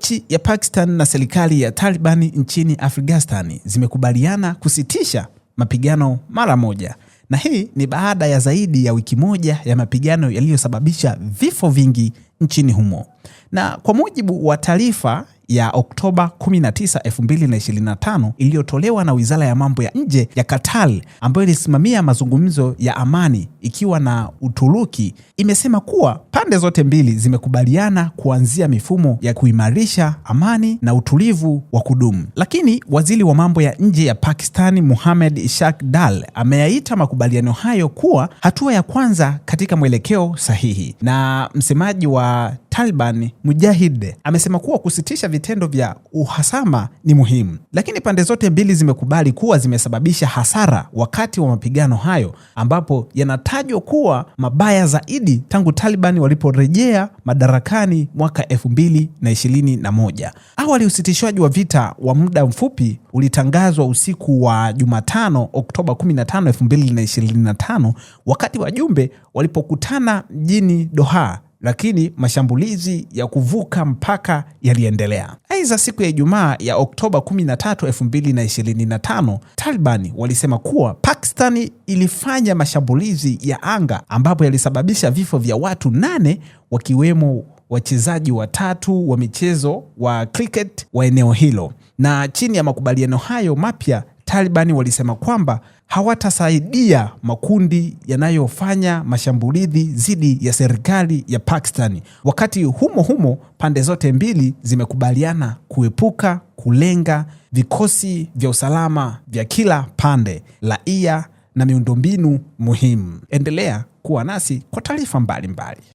Nchi ya Pakistan na serikali ya Taliban nchini Afghanistan zimekubaliana kusitisha mapigano mara moja, na hii ni baada ya zaidi ya wiki moja ya mapigano yaliyosababisha vifo vingi nchini humo. Na kwa mujibu wa taarifa ya Oktoba 19, 2025 iliyotolewa na Wizara ya Mambo ya Nje ya Qatar ambayo ilisimamia mazungumzo ya amani ikiwa na Uturuki imesema kuwa pande zote mbili zimekubaliana kuanzia mifumo ya kuimarisha amani na utulivu wa kudumu. Lakini waziri wa mambo ya nje ya Pakistani Mohammad Ishaq Dal ameyaita makubaliano hayo kuwa hatua ya kwanza katika mwelekeo sahihi, na msemaji wa taliban Mujahid amesema kuwa kusitisha vitendo vya uhasama ni muhimu, lakini pande zote mbili zimekubali kuwa zimesababisha hasara wakati wa mapigano hayo, ambapo yanatajwa kuwa mabaya zaidi tangu Taliban waliporejea madarakani mwaka 2021. Awali usitishwaji wa vita wa muda mfupi ulitangazwa usiku wa Jumatano, Oktoba 15, 2025 wakati wajumbe walipokutana mjini Doha lakini mashambulizi ya kuvuka mpaka yaliendelea. Aidha, siku ya Ijumaa ya Oktoba 13, 2025, Taliban walisema kuwa Pakistani ilifanya mashambulizi ya anga ambapo yalisababisha vifo vya watu nane wakiwemo wachezaji watatu wa michezo wa cricket wa eneo hilo. Na chini ya makubaliano hayo mapya, Taliban walisema kwamba hawatasaidia makundi yanayofanya mashambulizi dhidi ya serikali ya Pakistan. Wakati humo humo, pande zote mbili zimekubaliana kuepuka kulenga vikosi vya usalama vya kila pande, raia na miundombinu muhimu. Endelea kuwa nasi kwa taarifa mbalimbali.